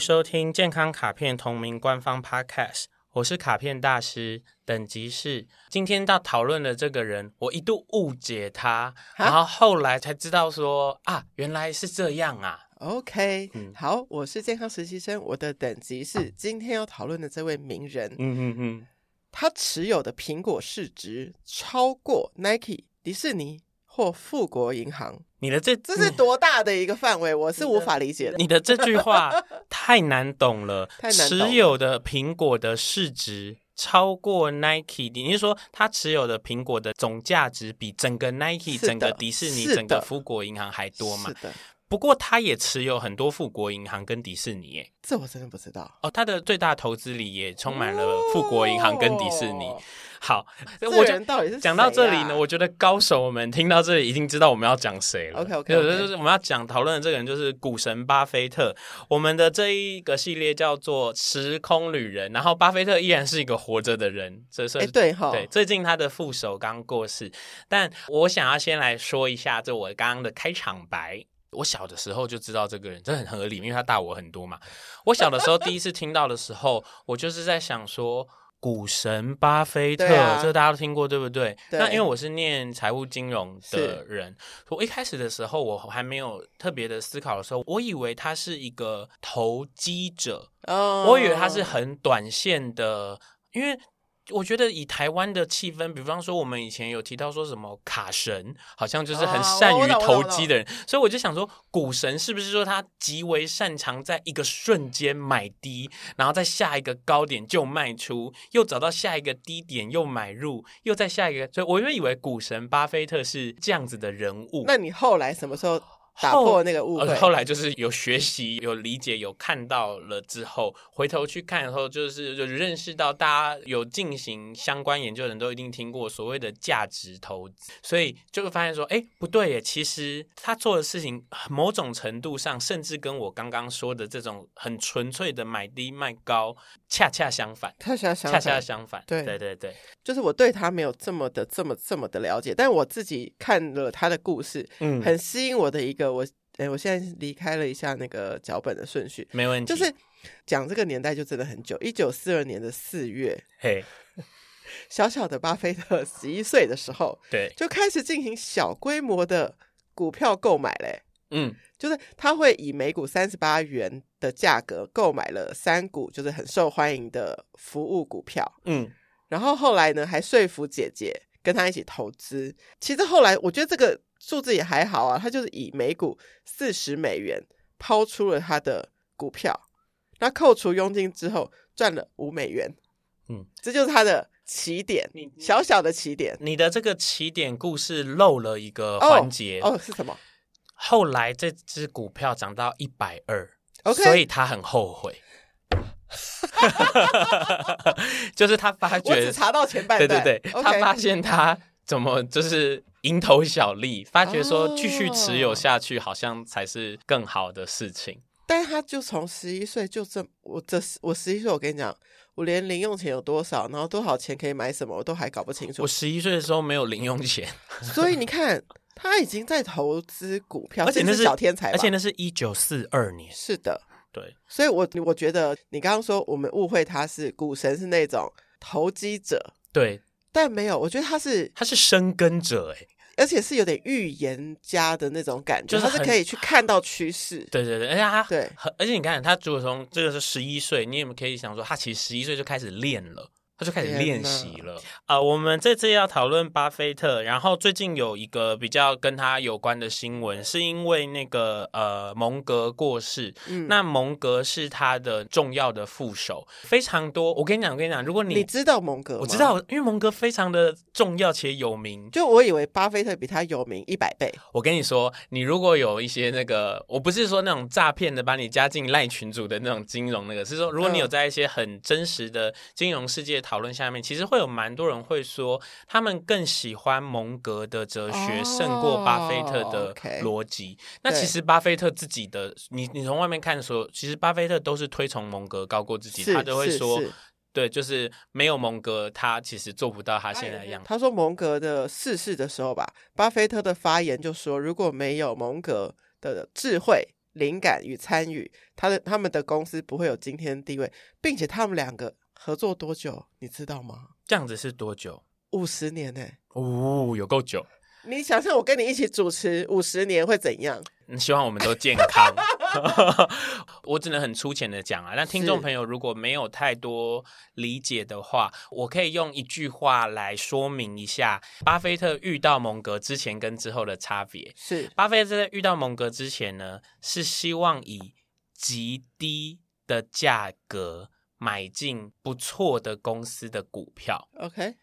收聽健康卡片同名官方 podcast，我是卡片大師，等級是。今天要討論的這個人，我一度誤解他，然後後來才知道說啊，原來是這樣啊。OK，嗯，好，我是健康實習生，我的等級是。今天要討論的這位名人，嗯嗯嗯，他持有的蘋果市值超過 Nike、迪士尼。或富國銀行，你的這你這是多大的一個範圍？我是無法理解的。你的，你的這句話太難， 太難懂了，持有的蘋果的市值超過 Nike，你是說，他持有的蘋果的總價值比整個 Nike、整個迪士尼、整個富國銀行還多嗎？是的。不過，他也持有很多富國銀行跟迪士尼，哎，這我真的不知道哦。他的最大投資裡也充滿了富國銀行跟迪士尼。哦、好，我、啊、講到這裡呢，我覺得高手我們聽到這裡已經知道我們要講誰了。OK，OK，、okay, okay, okay. 就是我們要講討論的這個人就是股神巴菲特。我們的這一個系列叫做《時空旅人》，然後巴菲特依然是一個活着的人，這是對哈。對，最近他的副手剛過世，但我想要先來說一下，這我剛剛的開場白。我小的時候就知道這個人，這很合理，因為他大我很多嘛。我小的時候第一次聽到的時候， 我就是在想說，股神巴菲特，啊、這個、大家都聽過，對不對,對？那因為我是念財務金融的人，我一開始的時候我還沒有特別的思考的時候，我以為他是一個投機者，oh. 我以為他是很短線的，因為。我覺得以台灣的氣氛，比方說我們以前有提到說什麼卡神，好像就是很善於投機的人，啊，所以我就想說股神是不是說他極為擅長在一個瞬間買低，然後在下一個高點就賣出，又找到下一個低點又買入，又在下一個，所以我原本以為股神巴菲特是這樣子的人物。那你後來什麼時候？打破那個誤會後，後來就是有學習、有理解、有看到了之後，回頭去看，然後就是就認識到，大家有進行相關研究的人都一定聽過所謂的價值投資，所以就會發現說，哎、欸，不對耶，其實他做的事情某種程度上，甚至跟我剛剛說的這種很純粹的買低賣高恰恰相反，恰恰相反，恰恰相反，對對對對，就是我對他沒有這麼的這麼這麼的了解，但我自己看了他的故事，嗯，很吸引我的一。個我哎，我現在離開了一下那個腳本的順序，沒問題。就是講這個年代就真的很久，一九四二年的四月，嘿，Hey，小小的巴菲特十一歲的時候，對，就開始進行小規模的股票購買嘞。嗯，就是他會以每股三十八元的價格購買了三股，就是很受歡迎的服務股票。嗯，然後後來呢，還說服姐姐跟他一起投資。其實後來我覺得這個。數字也還好啊，他就是以每股四十美元拋出了他的股票，那扣除佣金之後賺了五美元。嗯，這就是他的起點，小小的起點。你的這個起點故事漏了一個環節，哦，哦是什麼？後來這只股票漲到一百二 okay，所以他很後悔。 就是他發覺，我只查到前半段，對對對，okay，他發現他怎麼就是。蠅頭小利，發覺說，繼續持有下去好像才是更好的事情。啊、但他就從十一歲就這，這，我這我十一歲，我跟你講，我連零用錢有多少，然後多少錢可以買什麼，我都還搞不清楚。我十一歲的時候沒有零用錢，所以你看他已經在投資股票，而且那是，且是小天才，而且那是一九四二年。是的，對。所以我，我我覺得你剛剛說我們誤會他是股神，是那種投機者，對。但沒有，我覺得他是他是深耕者哎、欸，而且是有點預言家的那種感覺，就是他，他是可以去看到趨勢。對對對，而且他對，而且你看他，如果從這個是十一歲，你也有有可以想說，他其實十一歲就開始練了。他就開始練習了啊、呃！我們這次要討論巴菲特，然後最近有一個比較跟他有關的新聞是因為那個呃蒙格過世。嗯，那蒙格是他的重要的副手，非常多。我跟你講，我跟你講，如果你你知道蒙格嗎？我知道，因為蒙格非常的重要且有名。就我以為巴菲特比他有名一百倍。我跟你說，你如果有一些那個，我不是說那種詐騙的，把你加進 LINE 群組的那種金融那個，是說如果你有在一些很真實的金融世界。討論下面，其實會有蠻多人會說，他們更喜歡蒙格的哲學勝過巴菲特的邏輯。Oh, okay. 那其實巴菲特自己的，你你從外面看的時候，其實巴菲特都是推崇蒙格高過自己，他都會說，對，就是沒有蒙格，他其實做不到他現在的樣子。哎，他說蒙格的逝世的時候吧，巴菲特的發言就說，如果沒有蒙格的智慧、靈感與參與，他的他們的公司不會有今天地位，並且他們兩個。合作多久，你知道嗎？這樣子是多久？五十年呢、欸？哦，有夠久。你想象我跟你一起主持五十年會怎樣？你希望我們都健康。 我只能很粗淺的講啊，那聽眾朋友如果沒有太多理解的話，我可以用一句話來說明一下：巴菲特遇到蒙格之前跟之後的差別是，巴菲特在遇到蒙格之前呢，是希望以極低的價格。買進不錯的公司的股票，OK。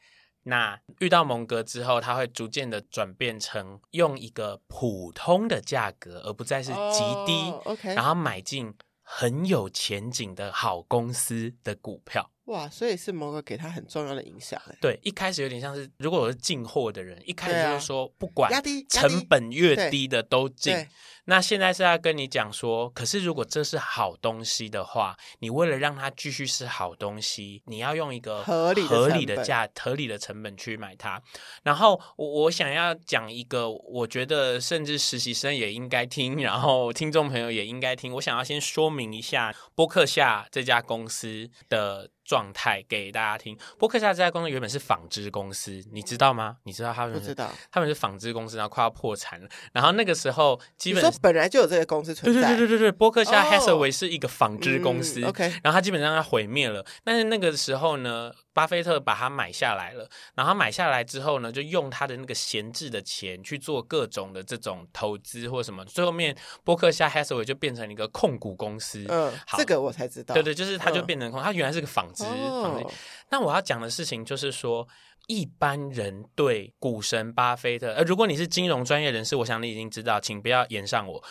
那遇到蒙格之後，他會逐漸的轉變成用一個普通的價格，而不再是極低，oh, OK。然後買進很有前景的好公司的股票。哇，所以是蒙格給他很重要的影響。對，一開始有點像是，如果我是進貨的人，一開始就是說、啊、不管壓壓成本越低的都進。那現在是要跟你講說，可是如果這是好東西的話，你為了讓它繼續是好東西，你要用一個合理合理的價、合理的成本去買它。然後我我想要講一個，我覺得甚至實習生也應該聽，然後聽眾朋友也應該聽。我想要先說明一下，波克夏這家公司的。狀態給大家聽。波克夏這家公司原本是紡織公司，你知道嗎？你知道他們是？知道他們是紡織公司，然後快要破產了。然後那個時候，基本你說本來就有這些公司存在。對對對對對對，波克夏、哦、哈瑟維是一個紡織公司。嗯、OK，然後他基本上要毀滅了。但是那個時候呢？巴菲特把它買下來了，然後買下來之後呢，就用他的那個閒置的錢去做各種的這種投資或什麼。最後面，波克夏·哈薩威就變成一個控股公司。嗯、呃、好，這個我才知道。對對，就是它就變成控、呃，它原來是個紡織、哦、紡織。那我要講的事情就是說，一般人對股神巴菲特，呃，如果你是金融專業人士，我想你已經知道，請不要言上我。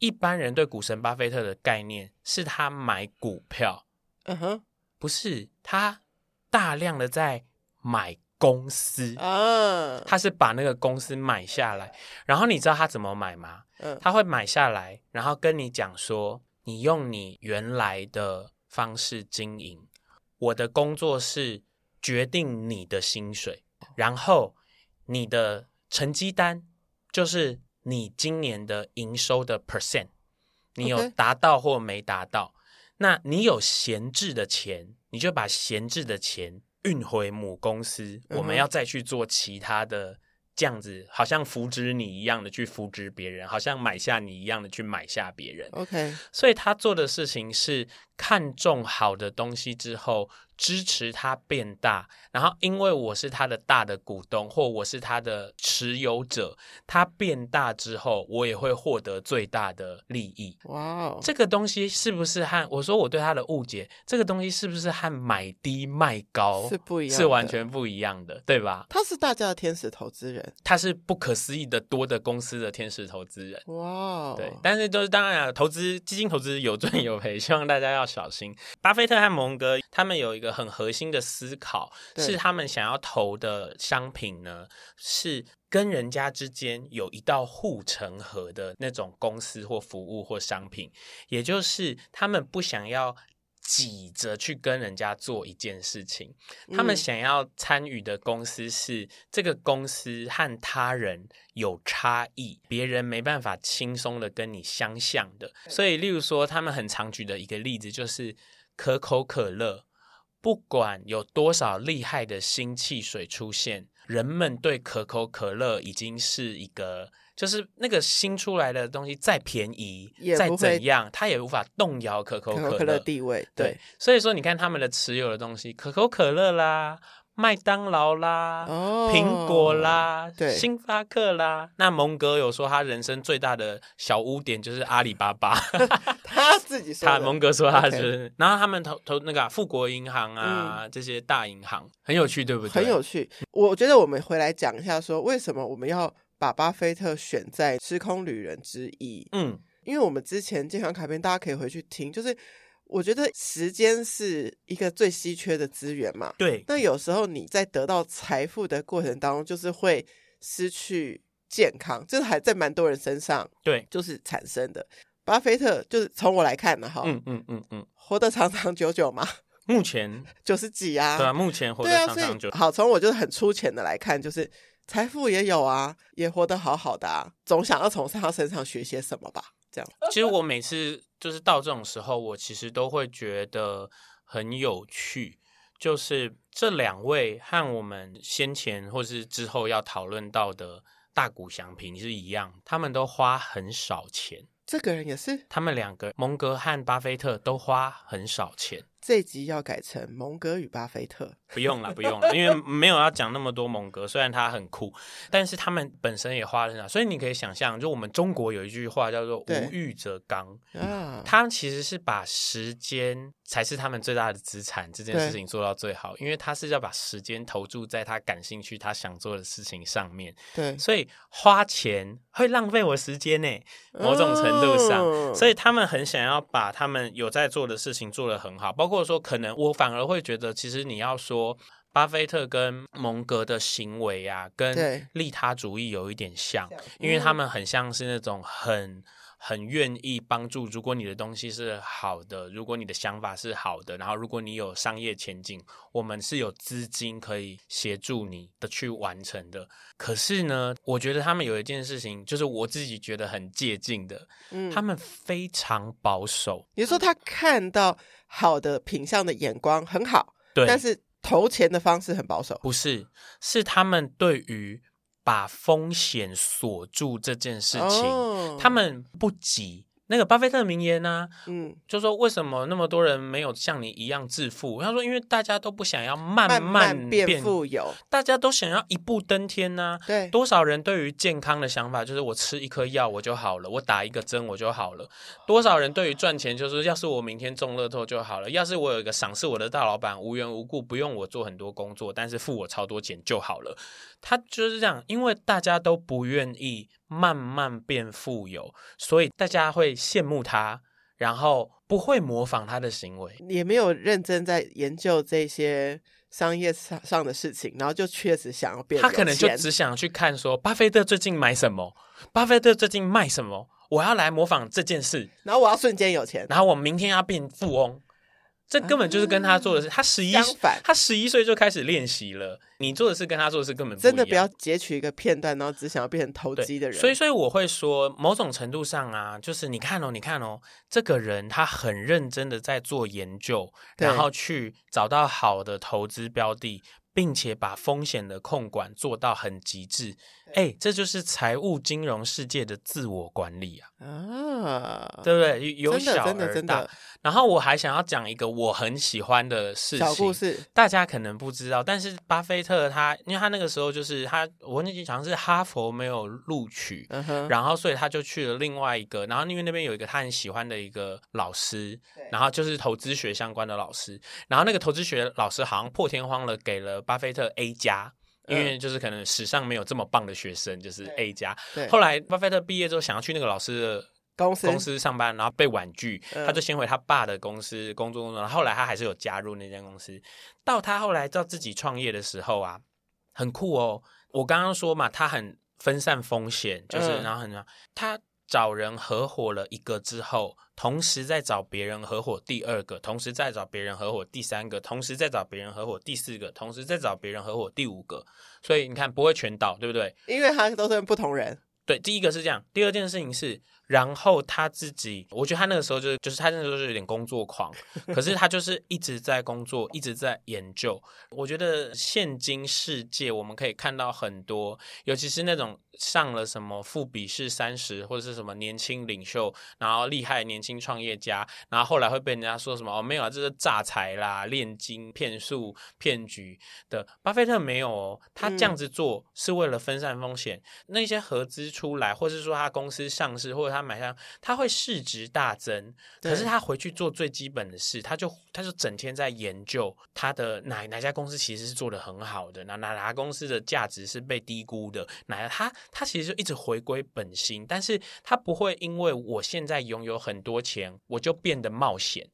一般人對股神巴菲特的概念是他買股票，嗯哼，不是他。大量的在買公司，他是把那個公司買下來，然後你知道他怎麼買嗎？他會買下來，然後跟你講說，你用你原來的方式經營，我的工作是決定你的薪水，然後你的成績單就是你今年的營收的 percent，你有達到或沒達到。那你有閒置的錢，你就把閒置的錢運回母公司，嗯。我們要再去做其他的，這樣子好像扶植你一樣的去扶植別人，好像買下你一樣的去買下別人。OK，所以他做的事情是看中好的東西之後，支持它變大，然後因為我是它的大的股東，或我是它的持有者，它變大之後，我也會獲得最大的利益。哇哦，這個東西是不是和我說我對它的誤解？這個東西是不是和買低賣高是不一樣？是完全不一樣的，對吧？他是大家的天使投資人，他是不可思議的多的公司的天使投資人。哇哦，對。但是就是當然，投資基金投資有賺有賠，希望大家要小心。巴菲特和蒙格他們有一個。一個很核心的思考是，他們想要投的商品呢，是跟人家之間有一道護城河的那種公司或服務或商品，也就是他們不想要擠着去跟人家做一件事情，他們想要參與的公司是這個公司和他人有差異，別人沒辦法輕鬆的跟你相像的，所以，例如說，他們很常舉的一個例子就是可口可樂。不管有多少厲害的新汽水出現，人們對可口可樂已經是一個，就是那個新出來的東西再便宜再怎樣，它也無法動搖可口可樂、可口可樂地位，對。對，所以說你看他們的持有的東西，可口可樂啦。麥當勞啦，哦、蘋果啦，對，星巴克啦。那蒙格有說他人生最大的小污點就是阿里巴巴， 他自己說。他蒙格說他、okay. 是，然後他們投投那個啊、富國銀行啊、嗯，這些大銀行很有趣，對不對？很有趣。我覺得我們回來講一下說，說為什麼我們要把巴菲特選在時空旅人之一？嗯，因為我們之前這款卡片，大家可以回去聽，就是。我覺得時間是一個最稀缺的資源嘛。對。那有時候你在得到財富的過程當中，就是會失去健康，就是還在蠻多人身上，對，就是產生的。巴菲特就是從我來看的哈，嗯嗯嗯嗯，活得長長久久嘛。目前九十幾啊，對啊，目前活得長長久久啊。好，從我就是很粗淺的來看，就是財富也有啊，也活得好好的啊，總想要從他身上學些什麼吧。其實我每次就是到這種時候，我其實都會覺得很有趣。就是這兩位和我們先前或是之後要討論到的大谷祥平是一樣，他們都花很少錢。這個人也是，他們兩個蒙格和巴菲特都花很少錢。這集要改成蒙格與巴菲特？ 不用了，不用了，因為沒有要講那麼多蒙格。雖然他很酷，但是他們本身也花了很少，所以你可以想象，就我們中國有一句話叫做“無欲則剛”嗯。啊，他其實是把時間才是他們最大的資產，這件事情做到最好，因為他是要把時間投注在他感興趣、他想做的事情上面。對，所以花錢會浪費我時間呢，某種程度上、哦，所以他們很想要把他們有在做的事情做得很好，包括。或者說，可能我反而會覺得，其實你要說巴菲特跟蒙格的行為啊，跟利他主義有一點像，因為他們很像是那種很。很願意幫助。如果你的東西是好的，如果你的想法是好的，然後如果你有商業前景，我們是有資金可以協助你的去完成的。可是呢，我覺得他們有一件事情，就是我自己覺得很接近的。嗯，他們非常保守。你就說他看到好的品相的眼光很好，對，但是投錢的方式很保守，不是？是他們對於。把風險鎖住這件事情，哦，他們不急。那個巴菲特名言呢，啊？嗯，就說為什麼那麼多人沒有像你一樣致富？他說，因為大家都不想要慢慢，慢慢變富有，大家都想要一步登天呢，啊。對，多少人對於健康的想法就是我吃一顆藥我就好了，我打一個針我就好了。多少人對於賺錢就是要是我明天中樂透就好了，要是我有一個賞識我的大老闆無緣無故不用我做很多工作，但是付我超多錢就好了。他就是這樣，因為大家都不願意慢慢變富有，所以大家會羨慕他，然後不會模仿他的行為，也沒有認真在研究這些商業上的事情，然後就確實想要變。他可能就只想去看說，巴菲特最近買什麼，巴菲特最近賣什麼，我要來模仿這件事，然後我要瞬間有錢，然後我明天要變富翁。這根本就是跟他做的事。他十一，他十一歲就開始練習了。你做的事跟他做的事，根本不真的不要截取一個片段，然後只想要變成投機的人。所以，所以我會說，某種程度上啊，就是你看哦，你看哦，這個人他很認真的在做研究，然後去找到好的投資標的，並且把風險的控管，做到很極致。哎，這就是財務金融世界的自我管理啊，啊，對不對？由小真的真的。真的真的然後我還想要講一個我很喜歡的事情小故事，大家可能不知道，但是巴菲特他，因為他那個時候就是他，我那句講是哈佛沒有錄取，嗯，然後所以他就去了另外一個，然後因為那邊有一個他很喜歡的一個老師，然後就是投資學相關的老師，然後那個投資學老師好像破天荒了給了巴菲特 A 加，嗯，因為就是可能史上沒有這麼棒的學生，就是 A 加。後來巴菲特畢業之後想要去那個老師的公司，公司上班，然後被婉拒，嗯、他就先回他爸的公司工作工作。然後，後來他還是有加入那間公司。到他後來到自己創業的時候啊，很酷哦。我剛剛說嘛，他很分散風險，就是、嗯、然後很他找人合夥了一個之後，同時再找別人合夥第二個，同時再找別人合夥第三個，同時再找別人合夥第四個，同時再找別人合夥第五個。所以你看，不會全倒，對不對？因為他都是不同人。對，第一個是這樣，第二件事情是。然後他自己，我覺得他那個時候就是，就是他那個時候是有點工作狂， 可是他就是一直在工作，一直在研究。我覺得現今世界，我們可以看到很多，尤其是那種上了什麼富比士三十或者是什麼年輕領袖，然後厲害年輕創業家，然後後來會被人家說什麼哦沒有啊，這是詐財啦、煉金、騙術、騙局的。巴菲特沒有哦，他這樣子做是為了分散風險。嗯、那一些合資出來，或是說他公司上市，或者他買下，他會市值大增。可是他回去做最基本的事，他就他就整天在研究他的哪哪家公司其實是做得很好的，哪哪哪家公司的價值是被低估的，哪他他其實就一直回歸本心，但是他不會因為我現在擁有很多錢，我就變得冒險。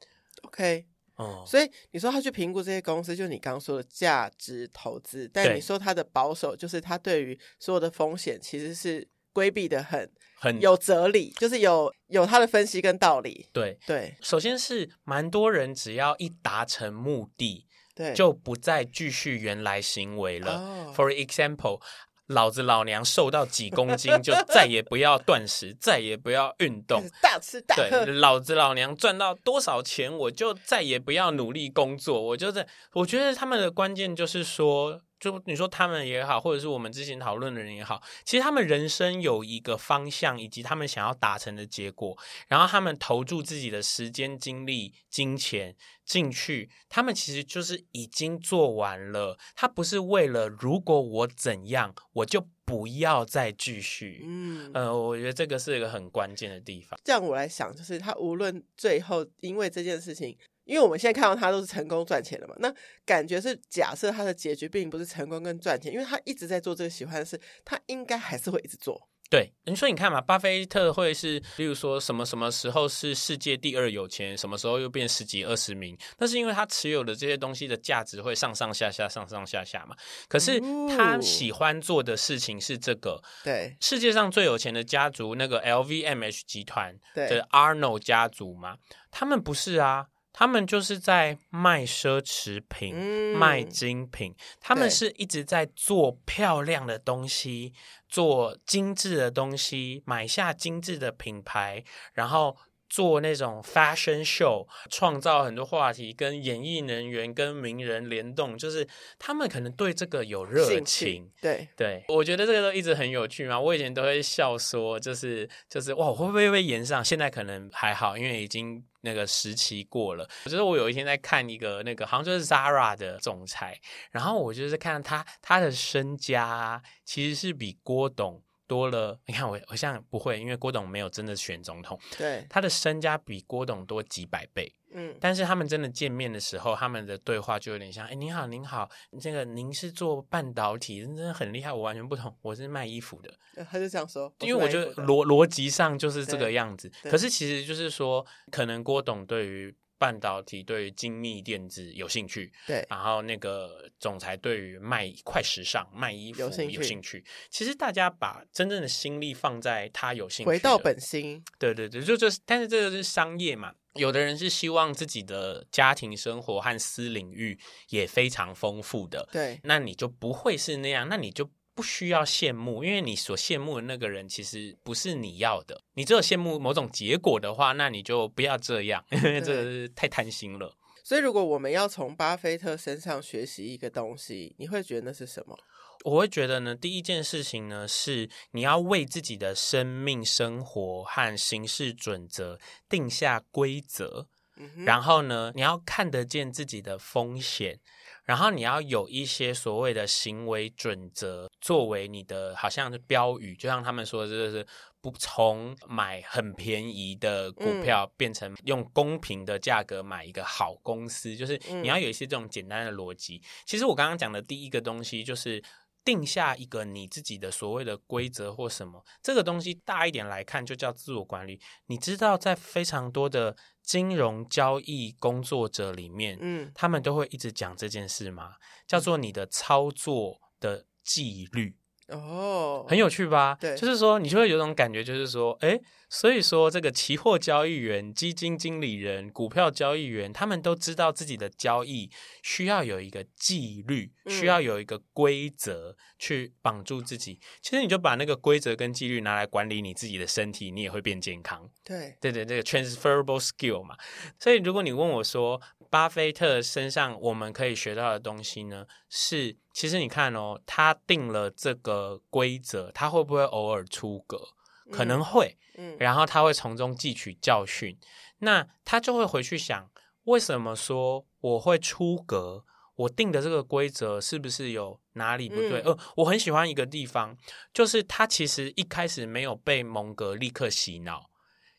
OK，哦、嗯，所以你說他去評估這些公司，就你剛剛說的價值投資，但你說他的保守，就是他對於所有的風險其實是。規避的，很很有哲理，就是有有他的分析跟道理。對對，首先是蠻多人只要一達成目的，對，就不再繼續原來行為了。Oh. For example，老子老娘瘦到幾公斤，就再也不要斷食， 再也不要運動， 大吃大喝。老子老娘賺到多少錢，我就再也不要努力工作。我就在，我覺得他們的關鍵就是說，就你說他們也好，或者是我們之前討論的人也好，其實他們人生有一個方向，以及他們想要達成的結果，然後他們投注自己的時間、精力、金錢進去，他們其實就是已經做完了，他不是為了如果我怎樣，我就不要再繼續。嗯，呃，我覺得這個是一個很關鍵的地方。這樣我來想，就是他無論最後因為這件事情。因為我們現在看到他都是成功賺錢的嘛，那感覺是假設他的結局並不是成功跟賺錢，因為他一直在做這個喜歡的事，他應該還是會一直做。對，你、嗯、說你看嘛，巴菲特會是，例如說什麼什麼時候是世界第二有錢，什麼時候又變十幾二十名，那是因為他持有的這些東西的價值會上上下下，上上下下嘛。可是他喜歡做的事情是這個，對、嗯，世界上最有錢的家族那個 LVMH 集團的 Arnold 家族嘛，他們不是啊。他們就是在賣奢侈品，嗯，賣精品。他們是一直在做漂亮的東西，做精致的東西，買下精致的品牌，然後。做那種 fashion show，創造很多話題，跟演藝人員、跟名人聯動，就是他們可能對這個有熱情。對對，我覺得這個都一直很有趣嘛。我以前都會笑說，就是，就是就是哇，會不會被炎上？現在可能還好，因為已經那個時期過了。就是我有一天在看一個那個，好像就是 Zara 的總裁，然後我就是看他他的身家，其實是比郭董，多了，你看我，我像不會，因為郭董沒有真的選總統，對，他的身家比郭董多幾百倍，嗯，但是他們真的見面的時候，他們的對話就有點像，哎，您好，您好，這個您是做半導體，真,真的很厲害，我完全不同，我是賣衣服的，他就這樣說，因為我覺得邏邏輯上就是這個樣子，可是其實就是說，可能郭董對於。半導體對精密電子有興趣，對，然後那個總裁對於賣快時尚、嗯、賣衣服有興趣，有興趣。其實大家把真正的心力放在他有興趣，回到本心。對對對，就就是，但是這個是商業嘛，嗯、有的人是希望自己的家庭生活和私領域也非常豐富的，對，那你就不會是那樣，那你就。不需要羨慕，因為你所羨慕的那個人其實不是你要的。你只有羨慕某種結果的話，那你就不要這樣，因為這是太貪心了。所以，如果我們要從巴菲特身上學習一個東西，你會覺得那是什麼？我會覺得呢，第一件事情呢是你要為自己的生命、生活和行事準則定下規則，嗯。然後呢，你要看得見自己的風險。然後你要有一些所謂的行為準則作為你的，好像是標語，就像他們說的，就是不從買很便宜的股票變成用公平的價格買一個好公司，嗯，就是你要有一些這種簡單的邏輯。其實我剛剛講的第一個東西就是。定下一個你自己的所謂的規則或什麼，這個東西大一點來看就叫自我管理。你知道，在非常多的金融交易工作者裡面，嗯，他們都會一直講這件事嗎？叫做你的操作的紀律。哦，很有趣吧？對，就是說，你就會有種感覺，就是說，誒。所以說，這個期貨交易員、基金經理人、股票交易員，他們都知道自己的交易需要有一個紀律，嗯、需要有一個規則去綁住自己。其實，你就把那個規則跟紀律拿來管理你自己的身體，你也會變健康。對，對對對，這個 transferable skill 嘛。所以，如果你問我說，巴菲特身上我們可以學到的東西呢？是，其實你看哦，他定了這個規則，他會不會偶爾出格？可能會，嗯嗯，然後他會從中汲取教訓，那他就會回去想，為什麼說我會出格？我定的這個規則是不是有哪裡不對？嗯。呃，我很喜歡一個地方，就是他其實一開始沒有被蒙格立刻洗腦，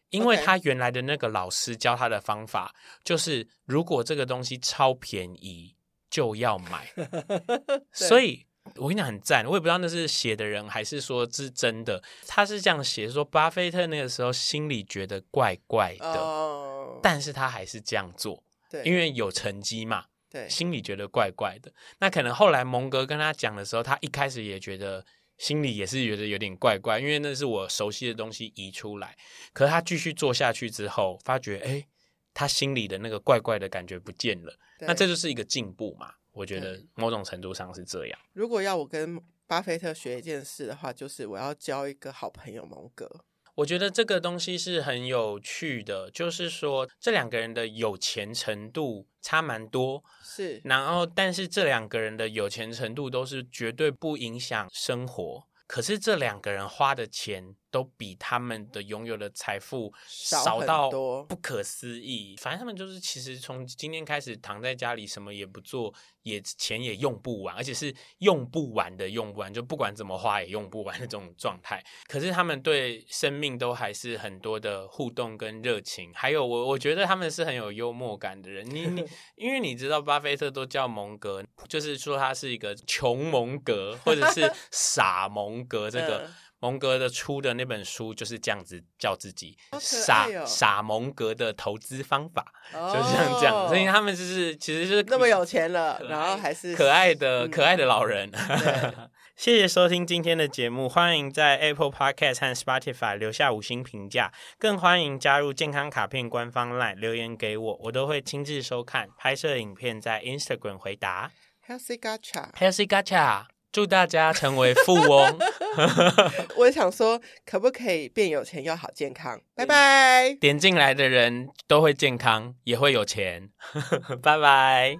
因為他原來的那個老師教他的方法，Okay. 就是，如果這個東西超便宜就要買， 所以。我跟你講很贊，我也不知道那是寫的人還是說是真的。他是這樣寫說，巴菲特那個時候心裡覺得怪怪的，oh. 但是他還是這樣做，對，因為有成績嘛，對。心裡覺得怪怪的，那可能後來蒙格跟他講的時候，他一開始也覺得心裡也是覺得有點怪怪，因為那是我熟悉的東西移出來。可是他繼續做下去之後，發覺哎、欸，他心裡的那個怪怪的感覺不見了，那這就是一個進步嘛。我覺得某種程度上是這樣。嗯。如果要我跟巴菲特學一件事的話，就是我要交一個好朋友蒙格。我覺得這個東西是很有趣的，就是說這兩個人的有錢程度差蠻多，是。然後，但是這兩個人的有錢程度都是絕對不影響生活，可是這兩個人花的錢。都比他們的擁有的財富少到不可思議。反正他們就是，其實從今天開始躺在家裡什麼也不做，也錢也用不完，而且是用不完的，用不完，就不管怎麼花也用不完的這種狀態。可是他們對生命都還是很多的互動跟熱情。還有我，我我覺得他們是很有幽默感的人。你 你，因為你知道，巴菲特都叫蒙格，就是說他是一個窮蒙格或者是傻蒙格這個。 嗯蒙格的出的那本書就是這樣子叫自己傻、喔、傻，傻蒙格的投資方法，oh, 就像這樣，所以他們就是其實是那麼有錢了，然後還是可愛的可愛的老人。嗯、 謝謝收聽今天的節目，歡迎在 Apple Podcast 和 Spotify 留下五星評價，更歡迎加入健康卡片官方 LINE 留言給我，我都會親自收看拍攝影片，在 Instagram 回答。Healthy Gotcha。Healthy Gotcha。祝大家成為富翁！ 我想說，可不可以變有錢又好健康？ 拜拜！點進來的人都會健康，也會有錢。拜 拜！